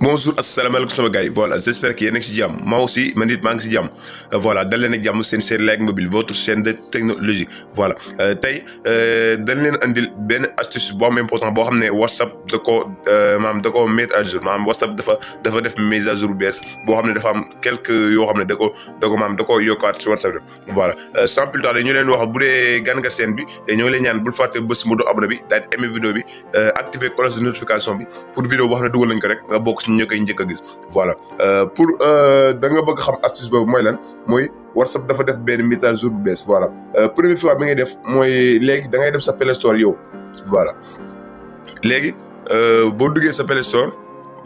bonjour asalaamaaleykum sama gars yi voilà j'espère que yéen a ngi si jàmm moi aussi man it maa a jàmm seen série Like Mobile euh, euh, boo am xam ne WhatsApp da koo euh, maam da koo mettre à jour maam WhatsApp dafa dafa def mise à jour bees boo xam ne dafa am quelque yoo xam ne da ko da maam da koo yokkaat si WhatsApp bi voilà sans plus tarder ñu leen wax bu dee gan nga seen bi ñoo leen ñaan bul fàtte bés mu do bi daal di aimé bi activer cloche de notification bi pour vidéo boo xam ne dugal nañ ko rek nga bokk si ñu koy njëkk a gis voilà euh, pour euh, da nga bëgg xam astuce boobu mooy lan mooy WhatsApp dafa def benn mise à jour bu bees voilà euh, première fois bi ngay def mooy léegi dangay dem def sa Play Store yow voilà léegi boo duggee sa Play Store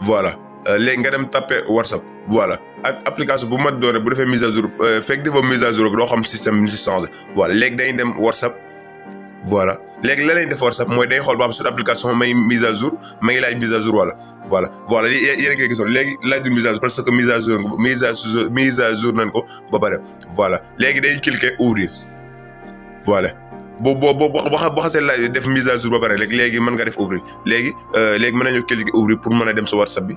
voilà léegi nga dem tapé WhatsApp voilà ak application bu ma doore bu defee mise à jour fekk dafa mise à jour doo xam système bi ñu si voilà léegi dañuy dem WhatsApp. voilà léegi la lay defoor sax mooy day xool ba am suñu application may mise à jour may laaj mise à jour wala voilà voilà li yéen a ngi gisoon léegi laajul mise à jour parce que mise à jour mise à jour nañ ko ba pare voilà léegi day cliquer ouvrir voilà boo boo bo boo xasee laaj def mise à jour ba pare léegi mën nga def ouvrir léegi euh, léegi mën nañu cliquer ouvrir pour mën a dem sa WhatsApp bi.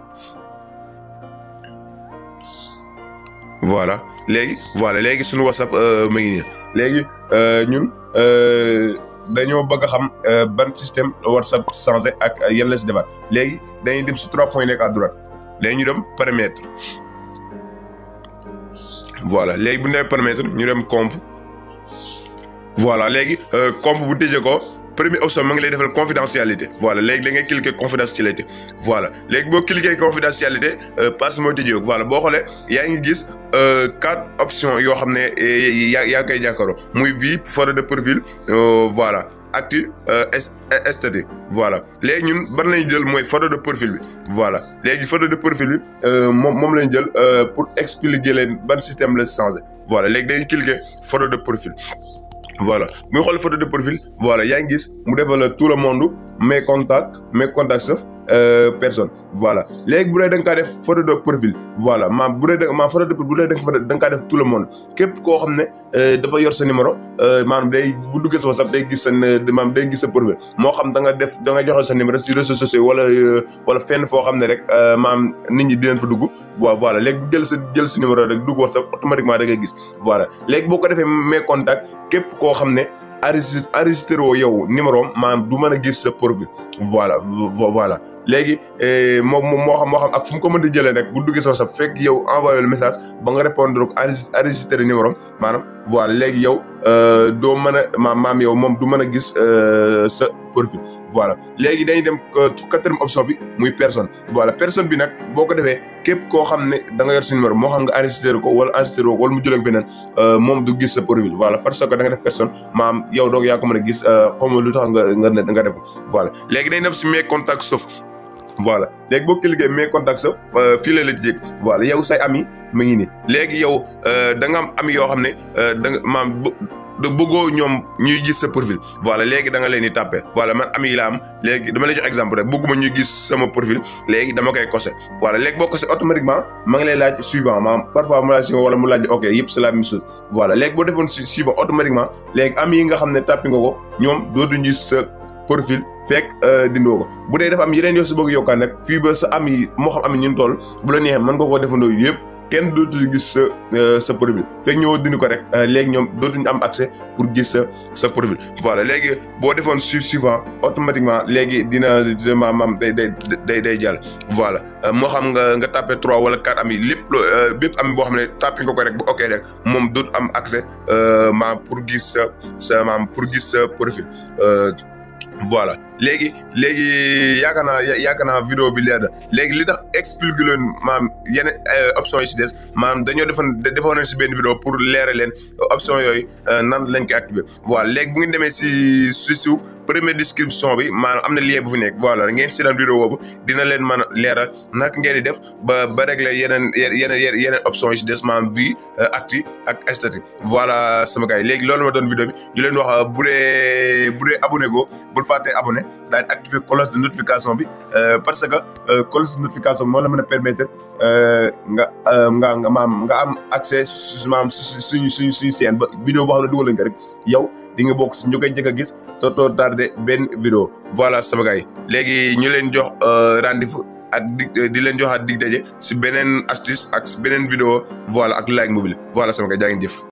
voilà léegi voilà léegi suñu WhatsApp euh, mu ngi léegi euh, ñun. dañoo bëgg a xam euh, ban système WhatsApp changé ak yan la si defaat léegi dañuy dem si trois points nekk à droite léegi ñu dem paramètres voilà léegi bu ñu demee ñu dem comp voilà léegi euh, comp bu tëjee ko. première option ma ngi lay defal confidentialité voilà léegi da ngay cliquer confidentialité voilà léegi boo cliquer confidentialité euh, passe mooy tëjee voilà bo xoolee yaa ngi gis euh, quatre options yoo xam ne eh, yaa yaa koy jàkkaaroo muy vie photo de profil euh, voilà actu esthétique voilà léegi ñun ban lañu jël mooy photo de profil bi voilà léegi photo de profil bi moom moom lañu jël pour expliquer leen ban système la changé voilà léegi dañuy cliquer photo de profil. voilà muy xool photo de profil voilà yaa ngi gis mu defal la tout le monde mes contacts mes contacts Euh, personne voilà léegi bu dee da nga kaa def photo de profil voilà maa bu dee da maa photo de bu dee da nga kaa def tout le monde képp koo xam ne euh, dafa yor sa numéro euh, maanaam day bu duggee sa WhatsApp day gis sa maanaam day gis sa profil moo xam danga def da joxe sa numéro si réseaux sociaux wala wala fenn foo xam ne rek maanaam nit ñi dinañ fa dugg waaw voilà léegi jël sa jël sa numéro rek dugg WhatsApp automatiquement da ngay gis voilà léegi boo ko defee mes contacts képp koo xam ne enregistré enregistré woo yow numéro am maanaam du mën a gis sa profil voilà voilà léegi eh, moom moo xam moo xam ak fu mu ko mën di jëlee nag bu duggee sa WhatsApp yow envoyé le message ba nga répondre ko enregistré numéro am maanaam voilà léegi yow euh, doo mën a maam yow moom du mën a gis euh, sa. profil voilà léegi dañuy dem euh, quatrième option bi muy personne voilà personne bi nag boo ko defee képp koo xam ne da nga yor sa numéro moo xam nga enregistré ko wala enregistré ko voilà da nga léegi dañuy dem si mes contacts sauf voilà léegi boo cliqué mes contacts sauf euh, fii la la jéeg voilà yow say ami ma ngi nii léegi yow euh, da ami yoo xam ne da nga maam de bëggoo ñoom ñuy gis sa profil voilà léegi danga nga leen di tàppe voilà man ami la am léegi dama lay jox exemple rek bëgguma ñuy gis sama profil léegi dama koy kose voilà léegi boo kose automatiquement ma ngi lay laaj suivant maanaam parfois mu laaj suivant wala mu laaj ok yëpp c'est la même chose voilà léegi boo defoon suivant automatiquement léegi am yi nga xam ne tàppi nga ko ñoom dootuñu gis sa profil fekk euh, dindoo ko bu dee def am yeneen yoo si bëgg yokkaan nag fii ba sa am yi moo xam am ñun tool bu la neexee mën nga koo defandoo yëpp kenn du dootuñu gis sa euh, sa profil fekk ñoo dindi ko rek euh, léegi ñoom dootuñu am accès pour gis sa sa profil voilà léegi boo defoon su suivant automatiquement léegi dina dina maam day day day day jàll voilà euh, moo xam nga nga tapé trois wala quatre am yi lépp loo bépp am boo xam ne tapé nga ko rek ba ok rek moom dootu am accès maam pour gis sa maam pour gis sa profil voilà léegi léegi yaakaar naa yaakaar naa vidéo bi leer na léegi li tax expliqué leen maam yenn euh, option des maam dañoo defoon defoon si benn vidéo pour leere leen option yooyu euh, nan lañ koy activé voilà léegi bu ngeen demee si si suuf première bi maanaam am na lien bu fi nekk voilà ngeen si daan vidéo boobu dina leen mën a leeral naka ngeen di def ba ba régler yeneen yeneen yeneen option yi si des maam vie euh, ak esthétique voilà sama gars léegi loolu ma doon vidéo bi ñu leen wax bu dee bu dee abonné go bul fàtte abonné daal di activer cloche de notification bi euh, parce que euh, cloche de notification bi moo la mën a permettre euh, nga nga nga maam nga am accès maam suñu suñu suñu seen ba vidéo boo xam ne dugal nañ rek yow di nga bokk si ñu koy njëkk a gis tootoo tardé benn vidéo voilà sama gars yi léegi ñu leen jox rendez-vous ak di leen joxaat dig daje si beneen astuce ak beneen vidéo voilà ak like mobile voilà sama gars jëf.